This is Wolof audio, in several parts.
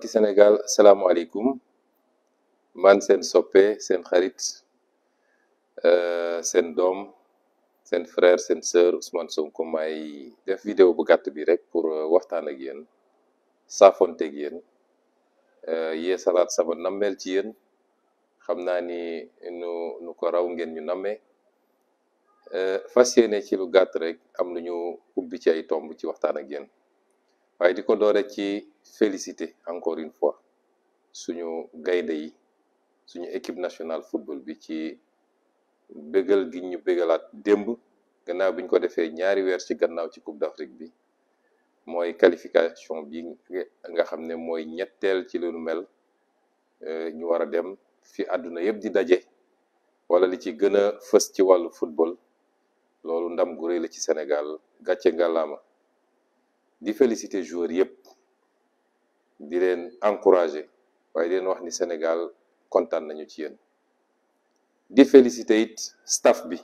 mbokki Sénégal asalaamualeykum man seen soppe seen xarit euh, seen doom seen frère seen sœur Ousmane Sonko may def vidéo bu gàtt bi rek pour euh, waxtaan ak yéen saafonte ak yéen euh, yee salaat sama nammeel ci yéen xam naa ni nu nu ko raw ngeen ñu nammee fas yéene ci lu gàtt rek am lu ñu ubbi ci ay tomb ci waxtaan ak yéen waaye di ko doore ci félicité encore une fois suñu gaynde yi suñu équipe nationale football bi ci bégal gi ñu bégalaat démb gannaaw bi ñu ko defee ñaari weer ci gannaaw ci Coupe d'Afrique bi mooy qualification bi nga xam ne mooy ñetteel ci lu mel euh, ñu war a dem fi àdduna yëpp di daje wala li ci gën a fës ci wàllu football loolu ndam gu rëy la ci Sénégal gàcce ngàllaama di féliciter joueurs yëpp di leen encourager waaye di leen wax ni Sénégal kontaan nañu ci yéen di féliciter it staff bi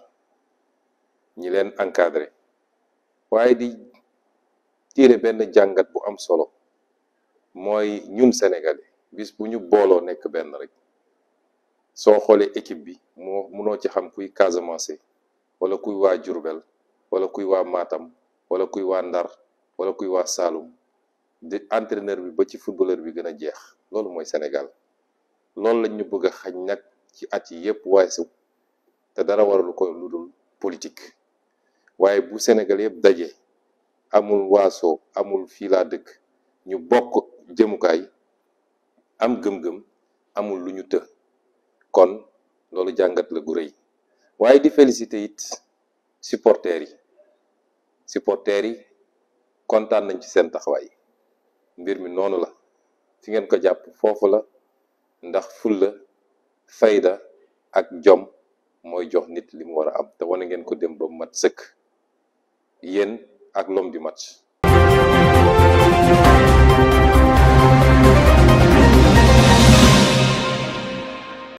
ñi leen encadrer waaye di tirer benn jàngat bu am solo mooy ñun Sénégalais bis bu ñu booloo nekk benn rek soo xoolee équipe bi moo munoo ci xam kuy Casamance wala kuy waa jurbel wala kuy waa Matam wala kuy waa Ndar wala kuy waa Saalum di entraîneur bi ba ci footballeur bi gën a jeex loolu mooy Sénégal loolu lañ ñu bëgg a xañ nag ci at yi yëpp weesu te dara waralu ko lu dul politique waaye bu Sénégal yëpp daje amul waaso amul fii dëkk ñu bokk jëmukaay am gëm-gëm amul lu ñu të kon loolu jàngat la gu rëy waaye di félicité it supporters yi supporters yi kontaan nañ ci seen taxawaay mbir mi noonu la fi ngeen ko jàpp foofu la ndax fulla fayda ak jom mooy jox nit li mu war a am te wana ngeen ko dem ba mat sëkk yéen ak l'homme du match